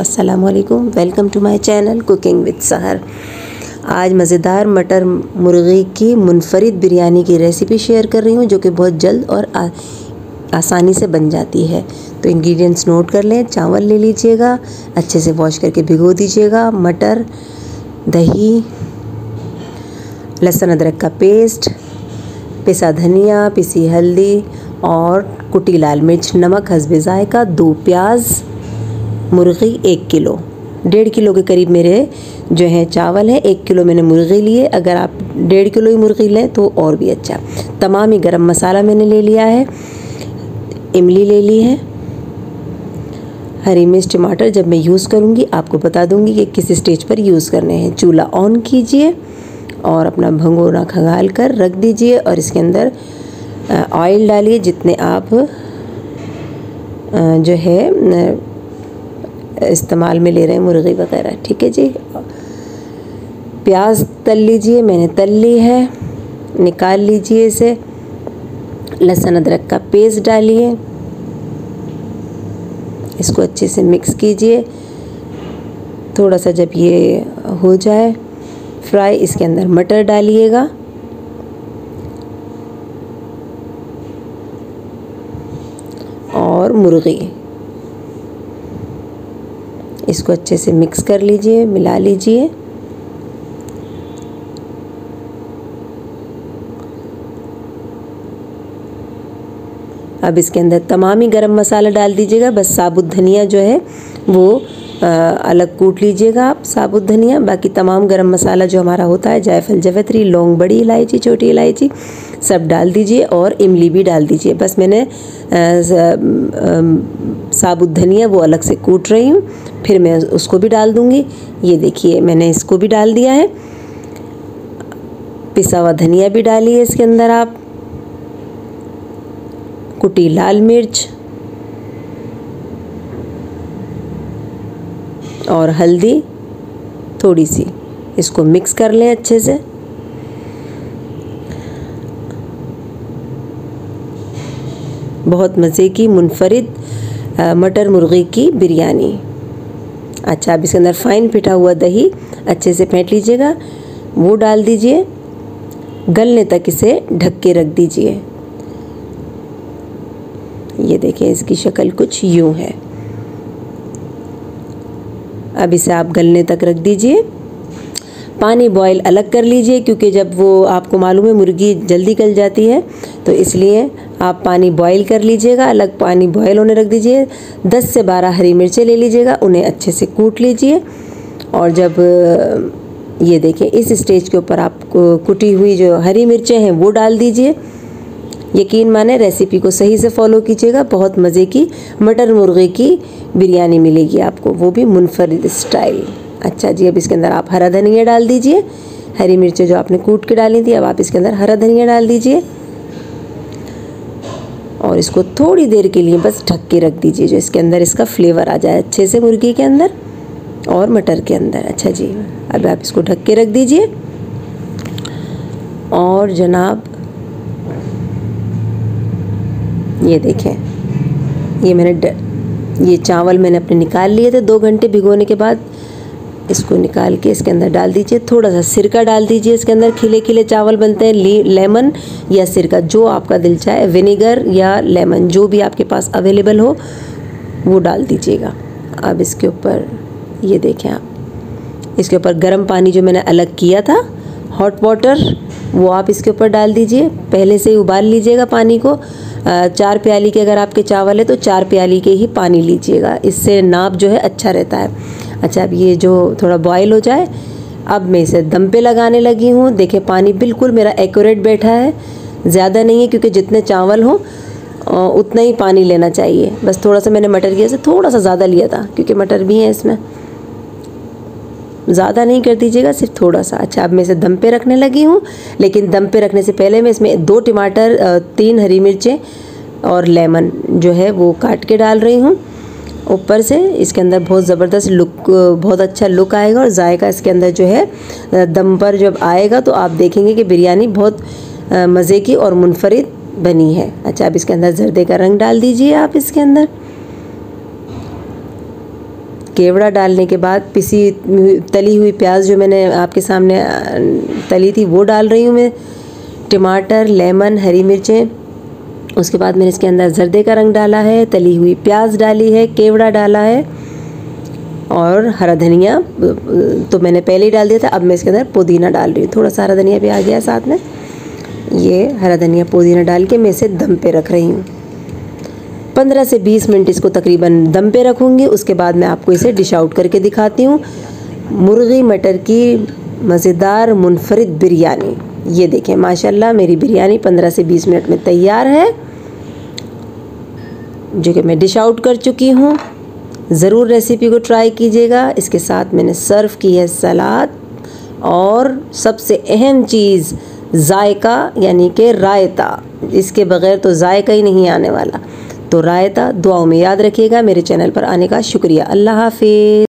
अस्सलाम वालेकुम welcome to my channel cooking with Sahar आज मज़ेदार मटर मुर्गी की मुनफरद बिरयानी की रेसिपी शेयर कर रही हूँ जो कि बहुत जल्द और आ, आसानी से बन जाती है तो इंग्रेडिएंट्स नोट कर लें चावल ले लीजिएगा अच्छे से वॉश करके भिगो दीजिएगा मटर दही लहसुन अदरक का पेस्ट पिसा धनिया पिसी हल्दी और कुटी लाल मिर्च नमक हसबे ज़ायका दो प्याज मुर्गी एक किलो डेढ़ किलो के करीब मेरे जो है चावल है एक किलो मैंने मुर्गी लिए अगर आप डेढ़ किलो ही मुर्गी लें तो और भी अच्छा तमाम ही गरम मसाला मैंने ले लिया है इमली ले ली है हरी मिर्च टमाटर जब मैं यूज़ करूँगी आपको बता दूँगी कि किस स्टेज पर यूज़ करने हैं चूल्हा ऑन कीजिए और अपना भंगोरा खंगाल कर रख दीजिए और इसके अंदर ऑयल डालिए जितने आप जो है इस्तेमाल में ले रहे हैं मुर्गी वगैरह ठीक है जी प्याज तल लीजिए मैंने तल ली है निकाल लीजिए इसे लहसुन अदरक का पेस्ट डालिए इसको अच्छे से मिक्स कीजिए थोड़ा सा जब ये हो जाए फ्राई इसके अंदर मटर डालिएगा और मुर्गी इसको अच्छे से मिक्स कर लीजिए मिला लीजिए अब इसके अंदर तमाम ही गरम मसाला डाल दीजिएगा बस साबुत धनिया जो है वो अलग कूट लीजिएगा आप साबुत धनिया बाकी तमाम गरम मसाला जो हमारा होता है जायफल जवेत्री लौंग बड़ी इलायची छोटी इलायची सब डाल दीजिए और इमली भी डाल दीजिए बस मैंने साबुत धनिया वो अलग से कूट रही हूँ फिर मैं उसको भी डाल दूँगी ये देखिए मैंने इसको भी डाल दिया है पिसा हुआ धनिया भी डालिए इसके अंदर आप कुटी लाल मिर्च और हल्दी थोड़ी सी इसको मिक्स कर लें अच्छे से बहुत मज़े की मुनफरद मटर मुर्गी की बिरयानी अच्छा अब इसके अंदर फाइन पिटा हुआ दही अच्छे से फेंट लीजिएगा वो डाल दीजिए गलने तक इसे ढक के रख दीजिए ये देखें इसकी शक्ल कुछ यूँ है अब इसे आप गलने तक रख दीजिए पानी बॉयल अलग कर लीजिए क्योंकि जब वो आपको मालूम है मुर्गी जल्दी गल जाती है तो इसलिए आप पानी बॉयल कर लीजिएगा अलग पानी बॉयल होने रख दीजिए 10 से 12 हरी मिर्चें ले लीजिएगा उन्हें अच्छे से कूट लीजिए और जब ये देखें इस स्टेज के ऊपर आप कुटी हुई जो हरी मिर्चें हैं वो डाल दीजिए यकीन माने रेसिपी को सही से फॉलो कीजिएगा बहुत मज़े की मटर मुर्गे की बिरयानी मिलेगी आपको वो भी मुनफरद स्टाइल अच्छा जी अब इसके अंदर आप हरा धनिया डाल दीजिए हरी मिर्चें जो आपने कूट के डाली थी अब आप इसके अंदर हरा धनिया डाल दीजिए और इसको थोड़ी देर के लिए बस ढक के रख दीजिए जो इसके अंदर इसका फ्लेवर आ जाए अच्छे से मुर्गी के अंदर और मटर के अंदर अच्छा जी अब आप इसको ढक के रख दीजिए और जनाब ये देखें ये मैंने ड, ये चावल मैंने अपने निकाल लिए थे दो घंटे भिगोने के बाद इसको निकाल के इसके अंदर डाल दीजिए थोड़ा सा सिरका डाल दीजिए इसके अंदर खिले खिले चावल बनते हैं लेमन या सिरका जो आपका दिल चाहे विनेगर या लेमन जो भी आपके पास अवेलेबल हो वो डाल दीजिएगा अब इसके ऊपर ये देखें आप इसके ऊपर गर्म पानी जो मैंने अलग किया था हॉट वाटर वो आप इसके ऊपर डाल दीजिए पहले से ही उबाल लीजिएगा पानी को चार प्याली के अगर आपके चावल है तो चार प्याली के ही पानी लीजिएगा इससे नाप जो है अच्छा रहता है अच्छा अब ये जो थोड़ा बॉयल हो जाए अब मैं इसे दम पे लगाने लगी हूँ देखे पानी बिल्कुल मेरा एक्यूरेट बैठा है ज़्यादा नहीं है क्योंकि जितने चावल हों उतना ही पानी लेना चाहिए बस थोड़ा सा मैंने मटर किया से थोड़ा सा ज़्यादा लिया था क्योंकि मटर भी हैं इसमें ज़्यादा नहीं कर दीजिएगा सिर्फ थोड़ा सा अच्छा अब मैं इसे दम पे रखने लगी हूँ लेकिन दम पे रखने से पहले मैं इसमें दो टमाटर तीन हरी मिर्चें और लेमन जो है वो काट के डाल रही हूँ ऊपर से इसके अंदर बहुत ज़बरदस्त लुक बहुत अच्छा लुक आएगा और जायका इसके अंदर जो है दम पर जब आएगा तो आप देखेंगे कि बिरयानी बहुत मज़े की और मुनफरद बनी है अच्छा अब इसके अंदर जर्दे का रंग डाल दीजिए आप इसके अंदर केवड़ा डालने के बाद पिसी तली हुई प्याज जो मैंने आपके सामने तली थी वो डाल रही हूँ मैं टमाटर लेमन हरी मिर्चें उसके बाद मैंने इसके अंदर जर्दे का रंग डाला है तली हुई प्याज डाली है केवड़ा डाला है और हरा धनिया तो मैंने पहले ही डाल दिया था अब मैं इसके अंदर पुदीना डाल रही हूँ थोड़ा सा हरा धनिया भी आ गया है साथ में ये हरा धनिया पुदीना डाल के मैं इसे दम पे रख रही हूँ 15 से 20 मिनट इसको तकरीबन दम पे रखूँगी उसके बाद मैं आपको इसे डिश आउट करके दिखाती हूँ मुर्गी मटर की मज़ेदार मुनफरद बिरयानी ये देखें माशाल्लाह मेरी बिरयानी 15 से 20 मिनट में तैयार है जो कि मैं डिश आउट कर चुकी हूँ ज़रूर रेसिपी को ट्राई कीजिएगा इसके साथ मैंने सर्व की है सलाद और सबसे अहम चीज़ जायका यानी कि रायता इसके बग़ैर तो जायका ही नहीं आने वाला तो रायता दुआओं में याद रखिएगा मेरे चैनल पर आने का शुक्रिया अल्लाह हाफिज़